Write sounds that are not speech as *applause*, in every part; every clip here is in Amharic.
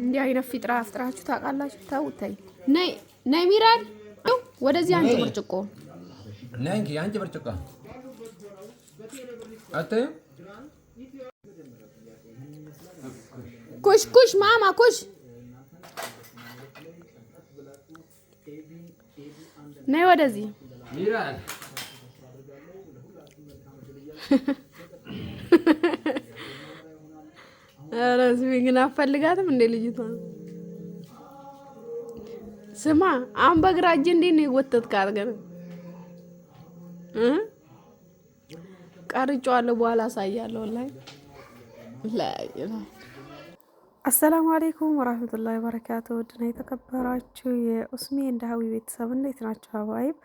እንዲህ አይነት ፊጥራ አፍጥራችሁ ታውቃላችሁ? ተው ተይ። ነይ ነይ፣ ሚራል ወደዚህ አንቺ ብርጭቆ ነንኪ፣ አንቺ ብርጭቆ አትይም። ኩሽ ኩሽ ማማ ኩሽ ነይ ወደዚህ ሚራል *laughs* ረስቢ ግን አፈልጋትም እንደ ልጅቷ ስማ፣ አሁን በግራ እጅ እንዴት ነው የጎተትካት? ገና ቀርጬዋለሁ፣ በኋላ አሳያለሁ። ላይ ላይ አሰላሙ አሌይኩም ወራህመቱላሂ ወበረካቱ። ውድና የተከበራችሁ የኡስሜ እንደሀዊ ቤተሰብ እንዴት ናቸው? አባይብ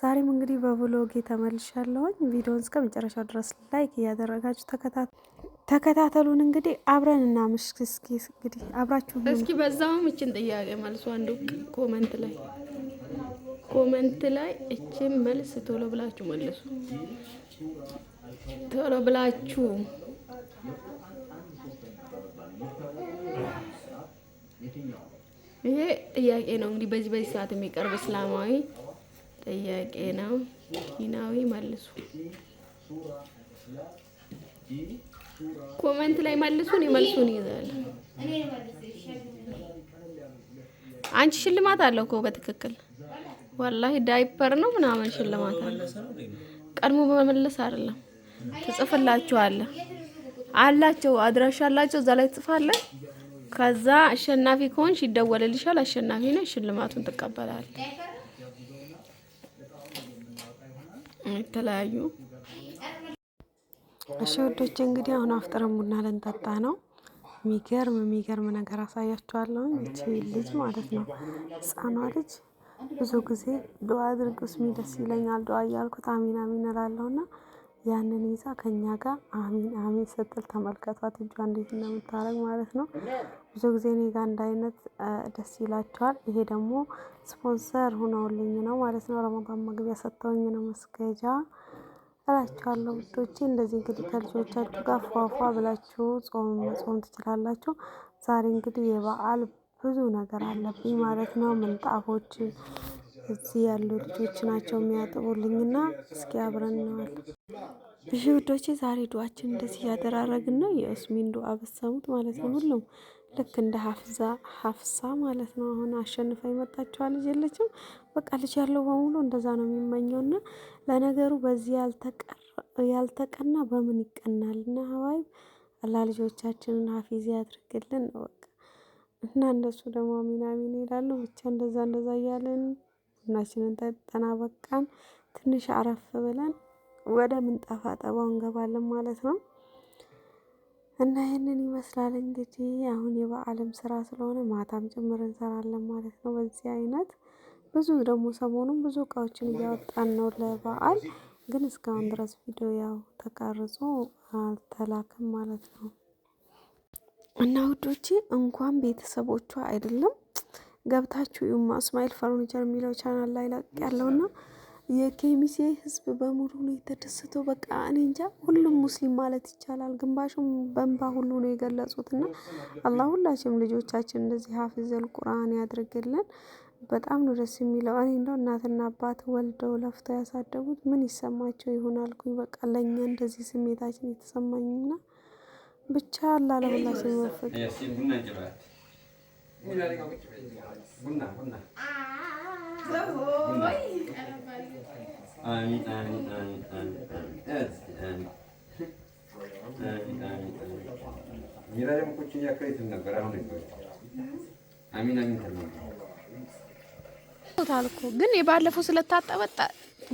ዛሬም እንግዲህ በብሎጌ ተመልሻለሁኝ። ቪዲዮን እስከ መጨረሻው ድረስ ላይክ እያደረጋችሁ ተከታተሉ። ተከታተሉን እንግዲህ አብረን እና ምሽክ እስኪ እንግዲህ አብራችሁ እስኪ በዛውም እችን ጥያቄ መልሱ አንዱ ኮመንት ላይ ኮመንት ላይ እችን መልስ ቶሎ ብላችሁ መልሱ፣ ቶሎ ብላችሁ ይሄ ጥያቄ ነው እንግዲህ በዚህ በዚህ ሰዓት የሚቀርብ እስላማዊ ጥያቄ ነው። ኪናዊ መልሱ ኮመንት ላይ መልሱን ይመልሱን ይዛል። አንቺ ሽልማት አለው እኮ በትክክል ወላሂ ዳይፐር ነው ምናምን ሽልማት አለ። ቀድሞ በመመለስ አይደለም አለ አላቸው አድራሻ አላቸው እዛ ላይ ትጽፋለ። ከዛ አሸናፊ ከሆንሽ ይደወልልሻል። አሸናፊ ነው ሽልማቱን ትቀበላል። የተለያዩ እሺ እንግዲህ አሁን አፍጥረን ቡና ልንጠጣ ነው። የሚገርም የሚገርም ነገር አሳያችኋለሁ። ይቺ ልጅ ማለት ነው ህፃኗ ልጅ ብዙ ጊዜ ድዋ አድርግ ስሚ ደስ ይለኛል ድዋ እያልኩት አሚን አሚን እላለሁ እና ያንን ይዛ ከኛ ጋር አሚን አሚን ስትል ተመልከቷት። እጇ እንዴት እንደምታረግ ማለት ነው። ብዙ ጊዜ እኔ ጋር እንደ አይነት ደስ ይላቸዋል። ይሄ ደግሞ ስፖንሰር ሆነውልኝ ነው ማለት ነው። ረመዳን መግቢያ ሰጥተውኝ ነው መስገጃ እላችኋለሁ ውዶቼ። እንደዚህ እንግዲህ ከልጆቻችሁ ጋር ፏፏ ብላችሁ ጾም መጾም ትችላላችሁ። ዛሬ እንግዲህ የበዓል ብዙ ነገር አለብኝ ማለት ነው። ምንጣፎች እዚህ ያሉ ልጆች ናቸው የሚያጥቡልኝና እስኪ አብረን ነዋል። ብዙ ውዶቼ ዛሬ ዱዋችን እንደዚህ እያደራረግን ነው። የእስሚን ዱዋ በሰሙት ማለት ነው ሁሉም ልክ እንደ ሀፍዛ ሀፍሳ ማለት ነው። አሁን አሸንፋ የመጣችዋ ልጅ የለችም። በቃ ልጅ ያለው በሙሉ እንደዛ ነው የሚመኘው። እና ለነገሩ በዚህ ያልተቀና በምን ይቀናል? እና ሀዋይ አላ ልጆቻችንን ሀፊዝ ያድርግልን ነው በቃ። እና እንደሱ ደግሞ ሚናሚን ይላሉ። ብቻ እንደዛ እንደዛ እያልን ቡናችንን ጠጥተን አበቃን። ትንሽ አረፍ ብለን ወደ ምንጣፍ አጠባው እንገባለን ማለት ነው። እና ይህንን ይመስላል እንግዲህ አሁን የበዓልም ስራ ስለሆነ ማታም ጭምር እንሰራለን ማለት ነው። በዚህ አይነት ብዙ ደግሞ ሰሞኑን ብዙ እቃዎችን እያወጣን ነው ለበዓል ግን እስካሁን ድረስ ቪዲዮ ያው ተቀርጾ አልተላክም ማለት ነው። እና ውዶቼ እንኳን ቤተሰቦቿ አይደለም ገብታችሁ ይማ እስማኤል ፈርኒቸር የሚለው ቻናል ላይ ለቅ ያለውና የኬሚሴ ህዝብ በሙሉ ነው የተደሰተው። በቃ እኔ እንጃ ሁሉም ሙስሊም ማለት ይቻላል ግንባሹም በእንባ ሁሉ ነው የገለጹት። እና አላህ ሁላችንም ልጆቻችን እንደዚህ ሀፊዘል ቁርአን ያድርግልን። በጣም ነው ደስ የሚለው። እኔ እንደው እናትና አባት ወልደው ለፍተው ያሳደጉት ምን ይሰማቸው ይሆናል ኩኝ በቃ ለእኛ እንደዚህ ስሜታችን የተሰማኝና ብቻ አላህ ለሁላችን ይወፍቅ። ሚራም ቁጭ እያከለ ነበር። አሁን አሚን አሚን ታልኩ ግን የባለፈው ስለታጠበ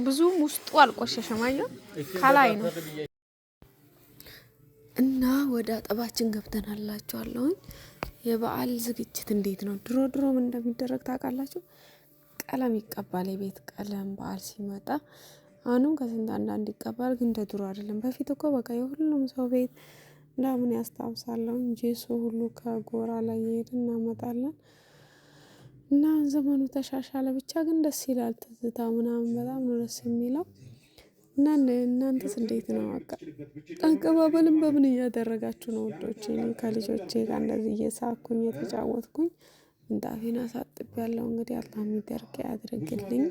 ብዙም ውስጡ አልቆሸሸም። አየሁ ከላይ ነው እና ወደ አጠባችን ገብተናላችኋለሁኝ። የበዓል ዝግጅት እንዴት ነው? ድሮ ድሮም እንደሚደረግ ታውቃላችሁ። ቀለም ይቀባል። የቤት ቀለም በዓል ሲመጣ አሁንም ከስንት አንዳንድ ይቀባል፣ ግን እንደ ድሮ አይደለም። በፊት እኮ በቃ የሁሉም ሰው ቤት እንዳምን ያስታውሳለሁ እንጂ ሰው ሁሉ ከጎራ ላይ እየሄድ እናመጣለን እና ዘመኑ ተሻሻለ። ብቻ ግን ደስ ይላል። ትዝታ ምናምን በጣም ነው ደስ የሚለው። እና እናንተስ እንዴት ነው? በቃ አቀባበልን በምን እያደረጋችሁ ነው? ውዶች ከልጆቼ ጋር እንደዚህ እየሳኩኝ የተጫወትኩኝ ምንጣፌን አሳጥብ ያለው እንግዲህ አላህ የሚደርቅ ያድርግልኝ።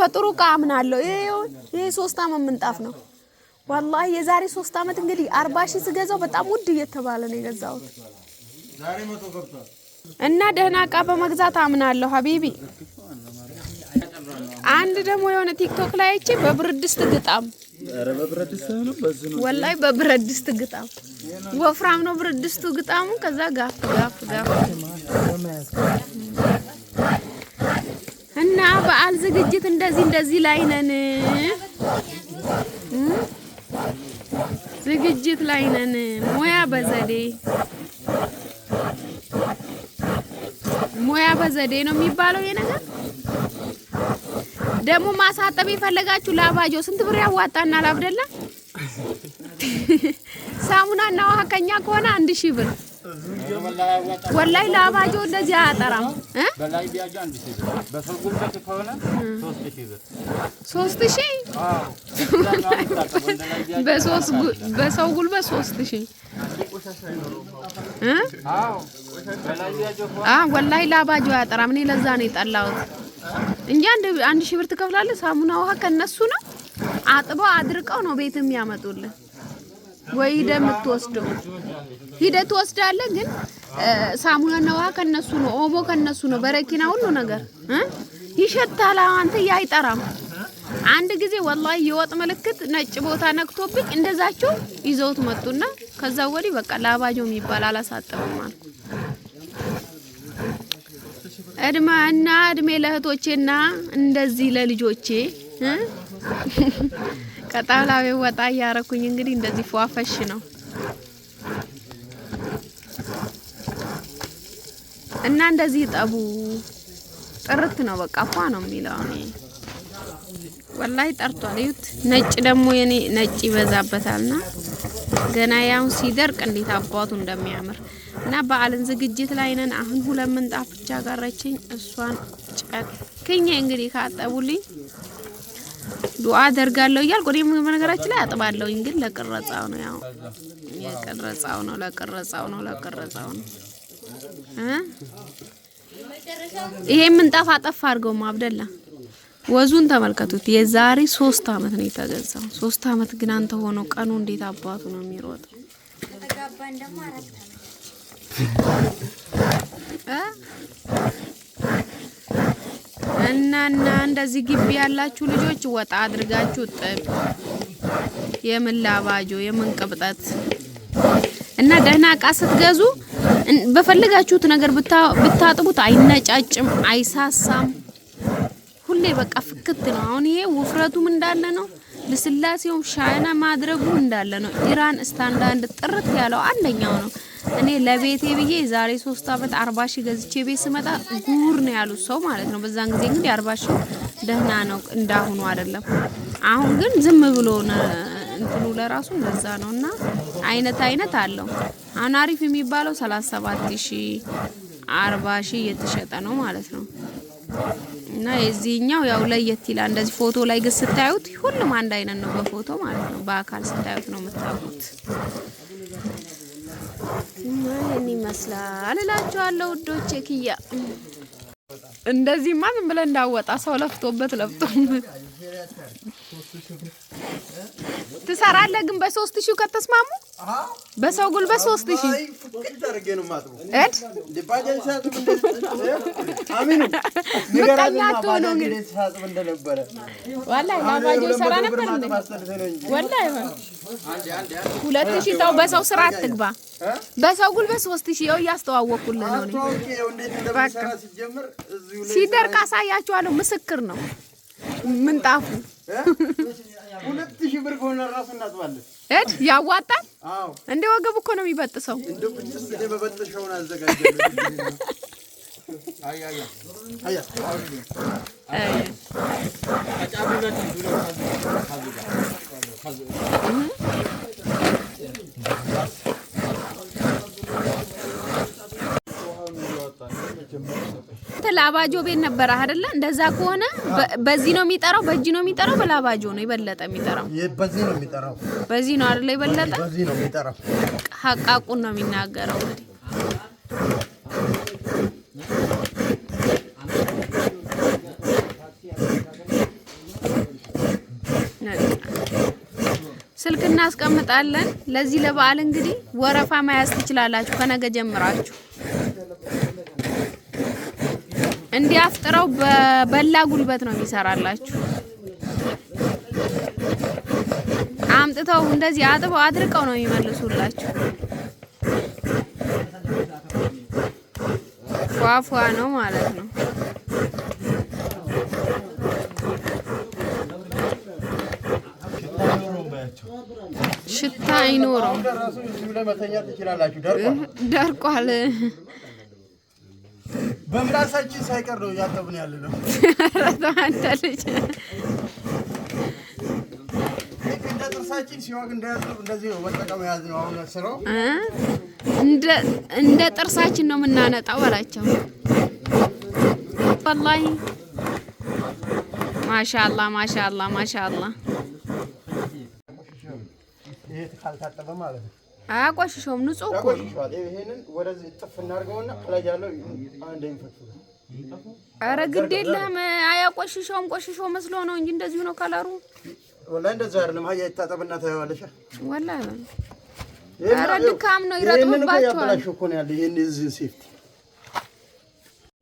በጥሩ እቃ አምናለሁ። ይሄ ሶስት አመት ምንጣፍ ነው። ዋላሂ የዛሬ ሶስት አመት እንግዲህ አርባ ሺህ ስገዛው በጣም ውድ እየተባለ ነው የገዛሁት እና ደህና እቃ በመግዛት አምናለሁ ሀቢቢ አንድ ደግሞ የሆነ ቲክቶክ ላይ አይቼ በብረት ድስት ግጣም፣ ወላሂ በብረት ድስት ግጣም፣ ወፍራም ነው ብረት ድስቱ ግጣሙ። ከዛ ጋፍ ጋፍ ጋፍ እና በዓል ዝግጅት እንደዚህ እንደዚህ ላይ ነን፣ ዝግጅት ላይ ነን። ሙያ በዘዴ ሙያ በዘዴ ነው የሚባለው ይሄ ነገር ደግሞ ማሳጠብ የፈለጋችሁ ላባጆ ስንት ብር ያዋጣናል? አብደላ ሳሙናና ውሃ ከኛ ከሆነ አንድ ሺህ ብር ወላይ ላባጆ እንደዚህ አያጠራም። ሶስት ሺህ በሰው ጉልበት ሶስት ወላይ ላባጆ አያጠራም። እኔ ለዛ ነው የጠላሁት። እንጂ አንድ ሺህ ብር ትከፍላለህ። ሳሙና ውሃ ከነሱ ነው። አጥበው አድርቀው ነው ቤት የሚያመጡልን። ወይ ሂደህ የምትወስደው ሂደህ ትወስዳለህ። ግን ሳሙናና ውሃ ከነሱ ነው። ኦሞ ከነሱ ነው። በረኪና ሁሉ ነገር ይሸታል። አንተ አይጠራም። አንድ ጊዜ ወላሂ የወጥ ምልክት ነጭ ቦታ ነክቶብኝ እንደዛቸው ይዘውት መጡና ከዛ ወዲህ በቃ ለአባጆ የሚባል አላሳጠብም አልኩ። እድማ እና እድሜ ለእህቶቼና እንደዚህ ለልጆቼ ከጣላቤ ወጣ እያረኩኝ እንግዲህ እንደዚህ ፏፈሽ ነው እና እንደዚህ ጠቡ ጥርት ነው። በቃ ፏ ነው የሚለው እኔ ወላይ ጠርቷል። እዩት። ነጭ ደግሞ የኔ ነጭ ይበዛበታልና ገና ያው ሲደርቅ እንዴት አባቱ እንደሚያምር እና በዓልን ዝግጅት ላይ ነን። አሁን ሁለት ምንጣፍ ብቻ ቀረችኝ። እሷን ጨክኜ እንግዲህ ካጠቡልኝ ዱአ አደርጋለሁ እያልኩ እኔም በነገራችን ላይ አጥባለሁኝ፣ ግን ለቅረጻው ነው ያው የቅረጻው ነው ለቅረጻው ነው ለቅረጻው ነው እ ይሄ ምንጣፍ አጠፋ አድርገው አብደላ ወዙን ተመልከቱት። የዛሬ ሶስት አመት ነው የተገዛው። ሶስት አመት ግን አንተ ሆኖ ቀኑ እንዴት አባቱ ነው የሚሮጠው። እናና እንደዚህ ግቢ ያላችሁ ልጆች ወጣ አድርጋችሁ ጥብ የምን ላባጆ የምን ቅብጠት እና ደህና እቃ ስትገዙ በፈለጋችሁት ነገር ብታጥቡት አይነጫጭም፣ አይሳሳም። ሁሌ በቃ ፍክት ነው። አሁን ይሄ ውፍረቱም እንዳለ ነው። ልስላሴውም ሻይና ማድረጉ እንዳለ ነው። ኢራን ስታንዳርድ ጥርት ያለው አንደኛው ነው። እኔ ለቤቴ ብዬ ዛሬ ሶስት አመት አርባ ሺህ ገዝቼ ቤት ስመጣ ጉር ነው ያሉት ሰው ማለት ነው። በዛን ጊዜ እንግዲህ አርባ ሺህ ደህና ነው እንዳሁኑ አይደለም። አሁን ግን ዝም ብሎ እንትኑ ለራሱ እንደዛ ነው እና አይነት አይነት አለው። አሁን አሪፍ የሚባለው ሰላሳ ሰባት ሺህ አርባ ሺህ እየተሸጠ ነው ማለት ነው። እና የዚህኛው ያው ለየት ይላል። እንደዚህ ፎቶ ላይ ግን ስታዩት ሁሉም አንድ አይነት ነው፣ በፎቶ ማለት ነው። በአካል ስታዩት ነው የምታውቁት። እና ይህን ይመስላል እላችኋለሁ ውዶች። ኪያ እንደዚህማ ዝም ብለን እንዳወጣ ሰው ለፍቶበት ለፍቶም ትሰራለህ ግን በሶስት ሺህ ከተስማሙ በሰው ጉልበት ሶስት ሺህ ላባጆ ሰራ ነበር። ሁለት ተው፣ በሰው ስራ አትግባ። በሰው ጉልበት ሶስት ሺህ ይኸው እያስተዋወኩልህ ነው። ሲደርቅ አሳያችኋለሁ። ምስክር ነው ምንጣፉ ሁለት ሺህ ብር ከሆነ ራሱ እናጥባለን። እድ ያዋጣል። እንደ ወገብ እኮ ነው የሚበጥሰው። ላባጆ ቤት ነበረ አይደለ? እንደዛ ከሆነ በዚህ ነው የሚጠራው፣ በእጅ ነው የሚጠራው፣ በላባጆ ነው የበለጠ የሚጠራው። በዚህ ነው የሚጠራው፣ በዚህ ነው አይደለ? የበለጠ በዚህ ነው የሚጠራው። ሀቃቁን ነው የሚናገረው እንግዲህ ስልክ እናስቀምጣለን። ለዚህ ለበዓል እንግዲህ ወረፋ መያዝ ትችላላችሁ ከነገ ጀምራችሁ። እንዲያፍጥረው በበላ ጉልበት ነው የሚሰራላችሁ። አምጥተው እንደዚህ አጥበው አድርቀው ነው የሚመልሱላችሁ። ፏፏ ነው ማለት ነው። ሽታ አይኖረው። ደርቋል። በምላሳችን ሳይቀር ነው እያጠብን ያለ ነው። አንተ ልጅ እንደ ጥርሳችን ሲዋግ እንዳያጥብ እንደዚህ መጠቀም የያዝ ነው። አሁን ስራው እንደ ጥርሳችን ነው የምናነጣው በላቸው። ወላሂ ማሻላ ማሻላ ማሻላ ይሄ ካልታጠበ ማለት ነው። አያቆሽሸውም፣ ንጹህ እኮ ነው። ይሄንን ወደዚህ ጥፍ እናድርገውና ከላይ ያለው አንድ ይፈትሹታል። አረ ግድ የለም አያቆሽሸውም። ቆሽሾ መስሎ ነው እንጂ እንደዚሁ ነው ከለሩ። ወላሂ እንደዚህ አይደለም። አያ ይታጠብና ታየዋለሽ። ወላሂ አረ ድካም ነው፣ ይረጥብባቸዋል። ይሄን እዚህ ሴፍቲ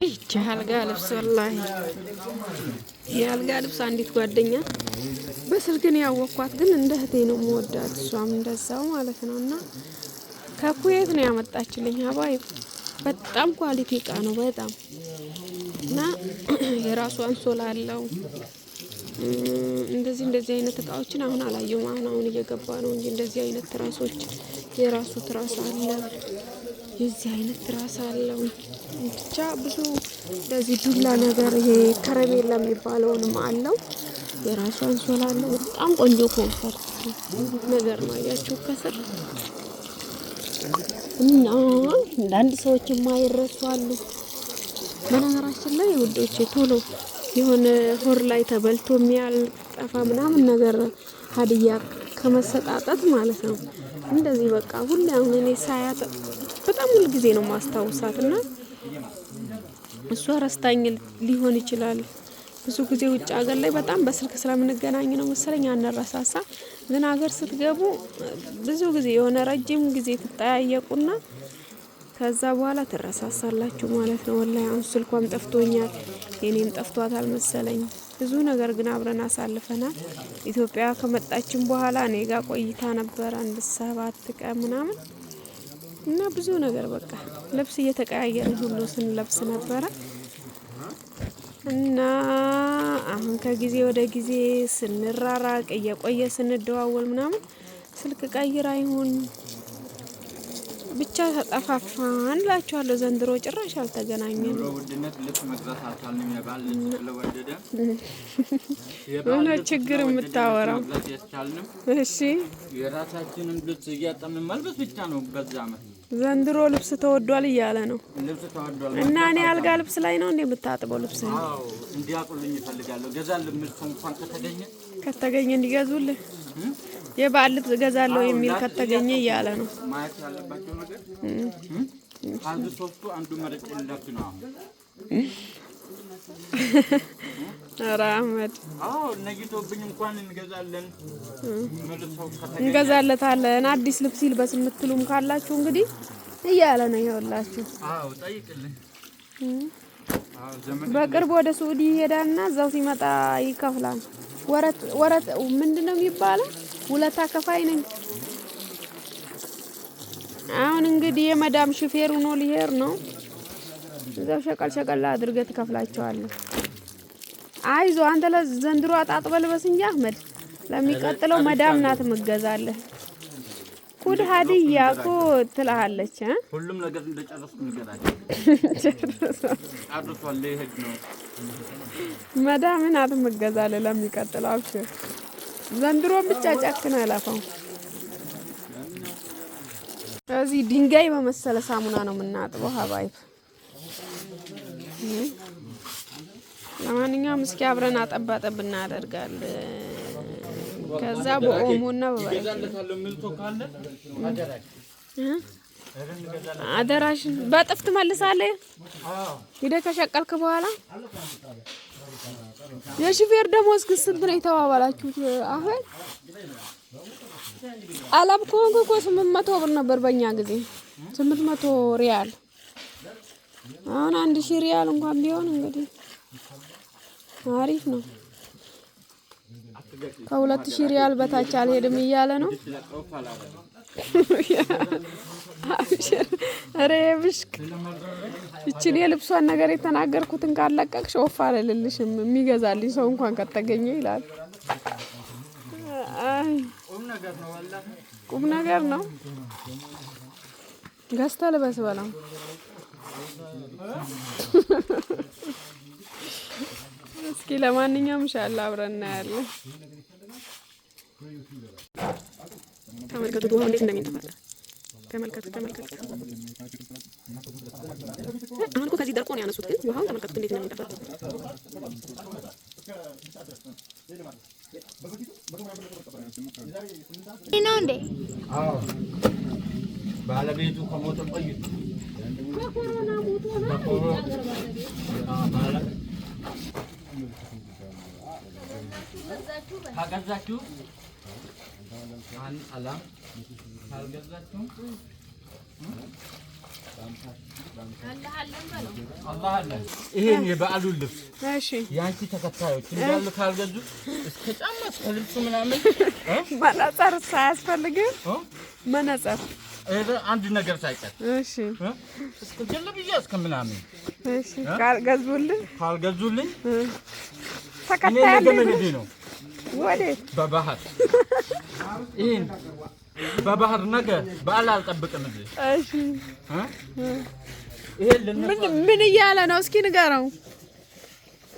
ይች አልጋ ልብስ ወላሂ የአልጋ ልብስ አንዲት ጓደኛ በስልክ ነው ያወቅኳት፣ ግን እንደ እህቴ ነው የምወዳት። እሷም እንደዛው ማለት ነው። እና ከኩዌት ነው ያመጣችልኝ። አባይ በጣም ኳሊቲ እቃ ነው በጣም እና የራሱ አንሶላ አለው። እንደዚህ እንደዚህ አይነት እቃዎችን አሁን አላየሁም። አሁን አሁን እየገባ ነው እንጂ እንደዚህ አይነት ትራሶች የራሱ ትራስ አለው። የዚህ አይነት ትራስ አለው ብቻ ብዙ እንደዚህ ዱላ ነገር ይሄ ከረሜላ የሚባለውንም አለው። የራሱ አንሶላ አለው። በጣም ቆንጆ ኮንፈርት ነገር ነው። አያችሁ ከስር እና አንዳንድ ሰዎች የማይረሱ አሉ። በነገራችን ላይ ውዶች ቶሎ የሆነ ሆር ላይ ተበልቶ የሚያልጠፋ ምናምን ነገር ሀዲያ ከመሰጣጠት ማለት ነው። እንደዚህ በቃ ሁሌ አሁን እኔ ሳያት በጣም ጊዜ ነው ማስታውሳት እና እሷ ረስታኝ ሊሆን ይችላል። ብዙ ጊዜ ውጭ ሀገር ላይ በጣም በስልክ ስለምንገናኝ ነው መሰለኝ አነረሳሳ። ግን ሀገር ስትገቡ ብዙ ጊዜ የሆነ ረጅም ጊዜ ትጠያየቁና ከዛ በኋላ ትረሳሳላችሁ ማለት ነው። ወላሂ አሁን ስልኳም ጠፍቶኛል፣ የኔም ጠፍቷታል መሰለኝ። ብዙ ነገር ግን አብረን አሳልፈናል። ኢትዮጵያ ከመጣችን በኋላ እኔ ጋር ቆይታ ነበር አንድ ሰባት ቀን ምናምን እና ብዙ ነገር በቃ ልብስ እየተቀያየርን ሁሉ ስንለብስ ነበረ እና አሁን ከጊዜ ወደ ጊዜ ስንራራቅ እየቆየ ስንደዋወል ምናምን ስልክ ቀይራ ይሁን ብቻ ተጠፋፋን ላችኋለሁ። ዘንድሮ ጭራሽ አልተገናኘን። ውድነት ልብስ መግዛት አልቻልንም። የባል ልብስ ስለወደደ ችግር የምታወራው እሺ የራሳችንን ልብስ እያጠምን መልበስ ብቻ ነው በዛ አመት ዘንድሮ ልብስ ተወዷል እያለ ነው ልብስ ተወዷል እና እኔ አልጋ ልብስ ላይ ነው እንዴ የምታጥበው? ልብስ ነው። እንዲያውቁልኝ ይፈልጋለሁ። ገዛ ልብስ እንኳን ከተገኘ ከተገኘ እንዲገዙልህ የበዓል ልብስ እገዛለሁ የሚል ከተገኘ እያለ ነው። ማየት ነገር አንዱ መረጭ ነው። እንኳን እንገዛለን እንገዛለታለን አዲስ ልብስ ይልበስ የምትሉም ካላችሁ እንግዲህ እያለ ነው። ይኸውላችሁ በቅርብ ወደ ሳዑዲ ይሄዳልና እዛው ሲመጣ ይከፍላል። ወረት ወረት ምንድን ነው የሚባለው? ሁለት ከፋይ ነኝ። አሁን እንግዲህ የመዳም ሹፌር ሆኖ ሊሄድ ነው። እዛው ሸቀል ሸቀል አድርገህ ትከፍላቸዋለህ። አይዞ አንተ ለዘንድሮ አጣጥበህ እንጂ አህመድ፣ ለሚቀጥለው መዳም ናት ምገዛለህ። ኩድ ሀዲያ እኮ ትልሃለች። ሁሉም ነገር እንደጨረስኩ የሚገራቸው ይሄድ ነው መዳምን አትምገዛል። ለሚቀጥለው አብሽር ዘንድሮም ብቻ ጨክን አላፈው። እዚህ ድንጋይ በመሰለ ሳሙና ነው የምናጥበው። ሀባይብ ለማንኛውም እስኪ አብረን አጠባጠብ እናደርጋለን። ከዛ በኦሞና አደራሽን በጥፍ መልሳለህ። ሂደህ ከሸቀልክ በኋላ የሹፌር ደሞዝ ግን ስንት ነው የተባባላችሁት? አሁን አላም ከሆንክ እኮ ስምንት መቶ ብር ነበር በእኛ ጊዜ ስምንት መቶ ሪያል። አሁን አንድ ሺህ ሪያል እንኳን ቢሆን እንግዲህ አሪፍ ነው። ከሁለት ሺህ ሪያል በታች አልሄድም እያለ ነው። ኧረ ብሽቅ እችን የልብሷን ነገር የተናገርኩትን ካለቀቅሽ ወፍ አልልልሽም የሚገዛልኝ ሰው እንኳን ከተገኘ ይላል። ቁም ነገር ነው። ገዝተ ልበስ በለው። እስኪ ለማንኛውም ሻላ አብረን እናያለን። ተመልከቱት ውሃው እንዴት እንደሚንጠፋለ ተመልከቱ፣ ተመልከቱ። አሁን እኮ ከዚህ ደርቆ ነው ያነሱት፣ ግን ውሃውን ተመልከቱት እንዴት እንደሚንጠፋ ነው እንዴ ባለቤቱ ከሞተ ቆይቱ ካገዛችሁ አንጠላም፣ ካልገዛችሁ ይሄን የበዓሉን ልብስ የአንቺ ተከታዮች እንዳሉ ካልገዙ እስከ ጫማ እስከ ልብሱ ምናምን መነጽር ሳያስፈልግም መነጽር አንድ ነገር ሳይቀር እሺ፣ እስከ ጀለ ብዬ እስከ እስከምናምን እሺ፣ ካልገዙልኝ ካልገዙልኝ ተከታይ ለምን ነው ወዴ በባህር ይሄን በባህር ነገ በዓል አልጠብቅም። እሺ፣ ምን ምን እያለ ነው? እስኪ ንገረው።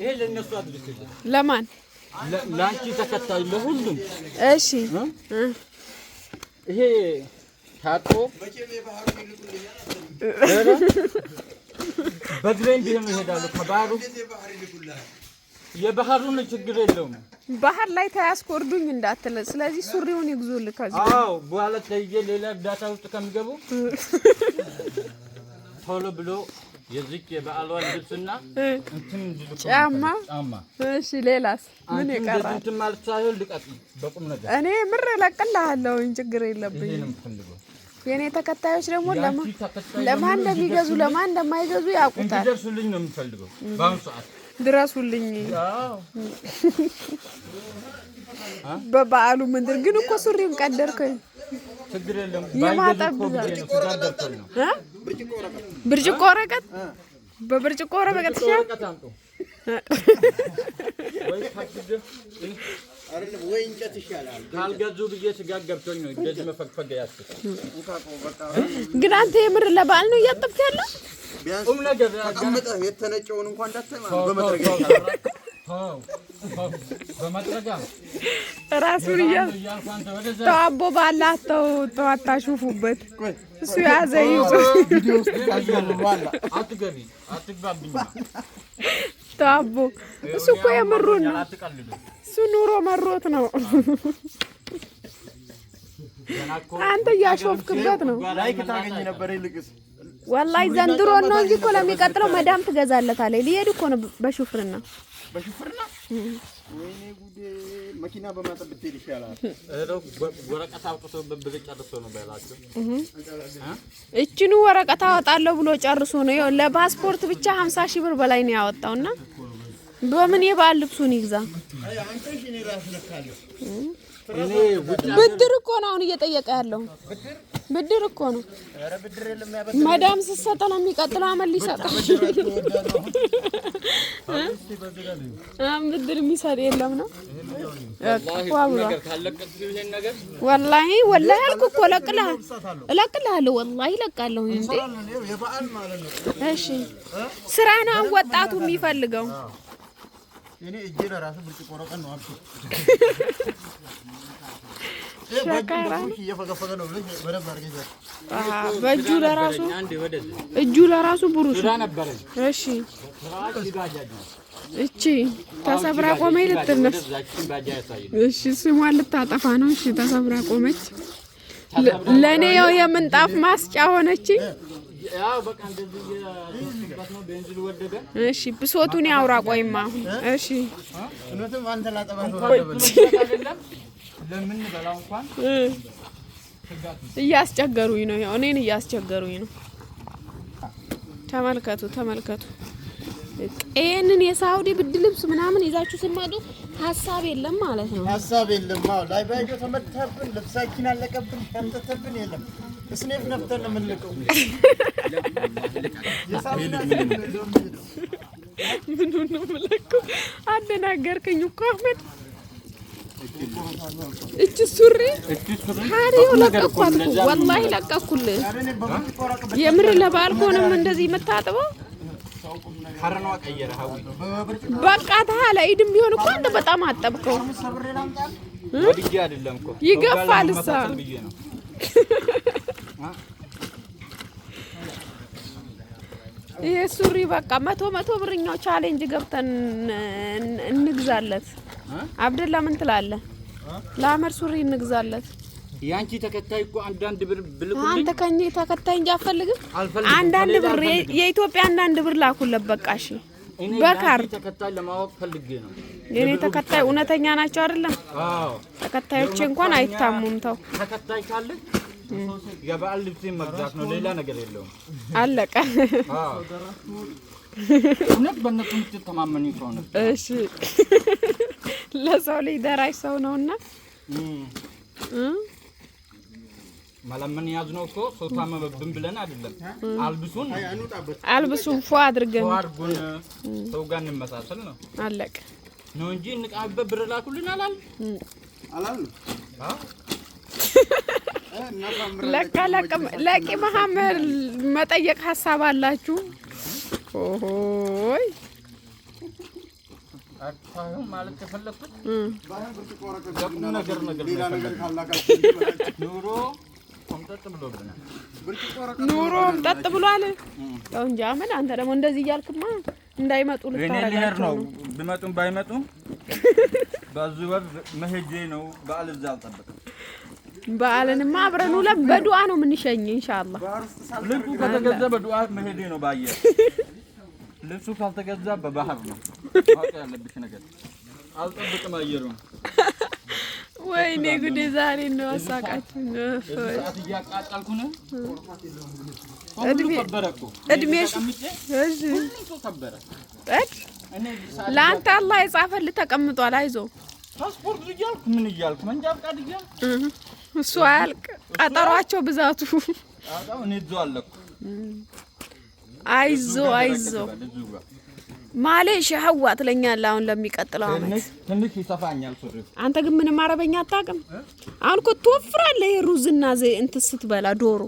ይሄ ለነሱ አድርግልኝ። ለማን? ለአንቺ ተከታይ፣ ለሁሉም። እሺ፣ ይሄ ታጥቦ በግሬን ቢሆን ይሄዳሉ። ከባህሩ የባህሩን ችግር የለውም። ባህር ላይ ተያዝኩ እርዱኝ እንዳትለ። ስለዚህ ሱሪውን ይግዙልህ። ከዚህ አዎ፣ በኋላ ተይዤ ሌላ እርዳታ ውስጥ ከሚገቡ ቶሎ ብሎ የዚህ የበዓሏን ልብስና ጫማ እሺ፣ ሌላስ ምን ይቀራል? እኔ ምር እለቅልሃለሁኝ። ችግር የለብኝም። የኔ ተከታዮች ደግሞ ለማን እንደሚገዙ ለማን እንደማይገዙ ያውቁታል። ድረሱልኝ ነው የምፈልገው። በአሁኑ ሰዓት ድረሱልኝ። በበዓሉ ምንድር ግን እኮ ሱሪውን ቀደርከኝ። ብርጭቆ ወረቀት በብርጭቆ ወረቀት *laughs* አይደለም ወይ እንጨት ይሻላል። ካልገዙ ብዬ ስጋ ገብቶኝ ነው እንደዚህ መፈግፈግ ያስኩት። ግን አንተ የምር ለበዓል ነው እያጠብክ ያለው? ቁም ነገር ተቀምጠህ የተነጨውን እንኳን እንዳታይ በመጥረጊያ ራሱን ተው፣ አቦ ባላህ ተው፣ ተው እሱ ያዘ ይዞ እሱ እኮ የምሩን ነው። እሱ ኑሮ መሮት ነው። አንተ እያሾፍክበት ነው። ላይክ ታገኝ ነበር ይልቅስ ወላይ ዘንድሮ ነው እንጂ እኮ ለሚቀጥለው መዳም ትገዛለታለች። ሊሄድ እኮ ነው በሹፍርና በሹፍርና። ወይኔ ጉዴ! መኪና በማጠብ ብትሄድ ይሻላል። ወረቀት አውጥቶ ብብቅ ጨርሶ ነው ባላቸው። እችኑ ወረቀት አወጣለሁ ብሎ ጨርሶ ነው። ለፓስፖርት ብቻ ሀምሳ ሺህ ብር በላይ ነው ያወጣውና በምን የበዓል ልብሱን ይግዛ? ብድር እኮ ነው አሁን እየጠየቀ ያለው ብድር እኮ ነው። መዳም ስትሰጥ ነው የሚቀጥለው ብድር የሚሰጥ የለም ነው ወላሂ ወላሂ አልኩ እኮ እለቅልሀለሁ እለቅልሀለሁ ወላሂ እሺ ስራ ነው ወጣቱ የሚፈልገው እኔ እጄ ለራሱ ብርጭቆ ረቀን ነው አልኩት። በእጁ ለራሱ እጁ ለራሱ ብሩሽ እሺ፣ እቺ ተሰብራ ቆመች እሺ፣ ስሟን ልታጠፋ ነው። እሺ፣ ተሰብራ ቆመች። ለእኔ ያው የምንጣፍ ማስጫ ሆነች። እሺ ብሶቱን ያውራ። ቆይማ እሺ እነቱም አንተ እያስቸገሩኝ ነው። ያው እኔን እያስቸገሩኝ ነው። ተመልከቱ፣ ተመልከቱ። ይህንን የሳውዲ ብድ ልብስ ምናምን ይዛችሁ ስመጡ ሀሳብ የለም ማለት ነው። ሀሳብ የለም። አዎ ላይ ባይጆ ተመታብን፣ ልብሳችን አለቀብን፣ ተምተተብን የለም ስሌፍ ነፍተን ነው የምንልቀው። ምኑን ነው የምለቀው? አደናገርከኝ እኮ አህመድ። እች ሱሪ ሀሪው ለቀኳት እኮ ወላሂ ለቀኩልህ። የምር ለበዓል ከሆነም እንደዚህ የምታጥበው በቃ ታህለ ኢድም ቢሆን እኮ አንተ በጣም አጠብከው። ይገፋል እሳ ይሄ ሱሪ በቃ መቶ መቶ ብርኛው ቻሌንጅ ገብተን እንግዛለት። አብደላ ምን ትላለህ? ለአመድ ሱሪ እንግዛለት። ያንቺ ተከታይ እኮ አንዳንድ ብር ብልኩልኝ። አንተ ከእኔ ተከታይ እንጂ አትፈልግም። አንዳንድ ብር የኢትዮጵያ አንዳንድ ብር ላኩለት። በቃ እሺ፣ በካርድ ተከታይ ለማወቅ ፈልጌ ነው። የኔ ተከታይ እውነተኛ ናቸው አይደለም? አዎ፣ ተከታዮቼ እንኳን አይታሙም። ተው ተከታይ ካለ የበዓል ልብስ መግዛት ነው። ሌላ ነገር የለውም። አለቀ። እውነት በእነሱ የምትተማመኝ ከሆነ እሺ። ለሰው ልጅ ደራሽ ሰው ነውና መለመን ያዝ ነው እኮ ሰው ታመመብን ብለን አይደለም። አልብሱን አልብሱን ፎ አድርገን አድርጎን ሰው ጋር እንመሳሰል ነው አለቀ ነው እንጂ እንቃበት ብር ላኩልን አላል አላል ለካ ለቂ መሀመድ መጠየቅ ሀሳብ አላችሁ። ኦሆይ ኑሮም ጠጥ ብሏል። ያው እንጂ አንተ ደግሞ እንደዚህ እያልክማ እንዳይመጡ ልታረጋቸው ነው። ቢመጡም ባይመጡም በዚህ ወር መሄጄ ነው። በዓል እዛ አልጠበቅም በዓልንማ አብረን ውለን በዱአ ነው የምንሸኝ። ኢንሻአላህ ልብሱ ከተገዛ በዱአ መሄዴ ነው። በአየር ልብሱ ካልተገዛ በባህር ነው አልጠብቅም አየሩ ወይኔ ጉዴ! ዛሬ ነው አሳቃችሁ። ነው። እድሜሽ ለአንተ አላህ የጻፈልህ ተቀምጧል። አይዞህ ፓስፖርት እያልኩ ምን እያልኩ መንጃ ፈቃድ እያልኩ እሱ አያልቅ ቀጠሯቸው ብዛቱ። አይዞ አይዞ ማሌሽ ሀዋ ትለኛለህ። አሁን ለሚቀጥለው ትንሽ ይሰፋኛል። አንተ ግን ምንም አረበኛ አታውቅም። አሁን እኮ ትወፍራለህ። ይሄ ሩዝና ዘይ እንትን ስትበላ ዶሮ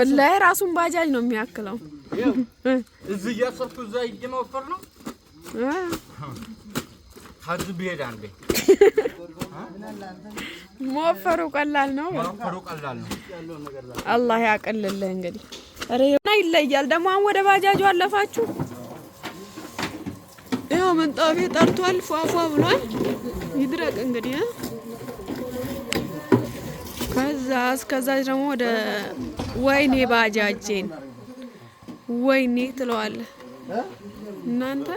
ወላሂ ራሱን ባጃጅ ነው የሚያክለው። እዚህ እያሰርኩ እዛ ሂጅ ነው ከዚህ ብሄድ አንዴ መወፈሩ ቀላል ነው። መወፈሩ ቀላል ነው። አላህ ያቅልልህ። እንግዲህ ሬና ይለያል። ደግሞ አሁን ወደ ባጃጁ አለፋችሁ። ያው መንጣቤ ጠርቷል፣ ፏፏ ብሏል። ይድረቅ እንግዲህ ከዛ እስከዛ ደግሞ ወደ ወይኔ ባጃጄን ወይኔ ትለዋለህ እናንተ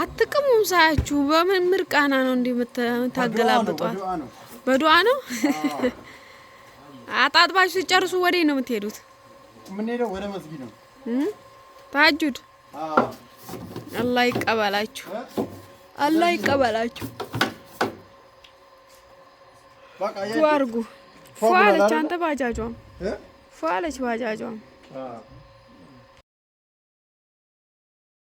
አትቅሙም ሳያችሁ በምን ምርቃና ነው እንዲህ የምታገላብጧት? በዱዓ ነው። አጣጥባችሁ ሲጨርሱ ወዴ ነው የምትሄዱት? የምንሄደው ወደ መስጊድ ነው። ታጁድ አላህ ይቀበላችሁ፣ አላህ ይቀበላችሁ። ፏ አድርጉ። አንተ ባጃጇም ፏ ባጃጇም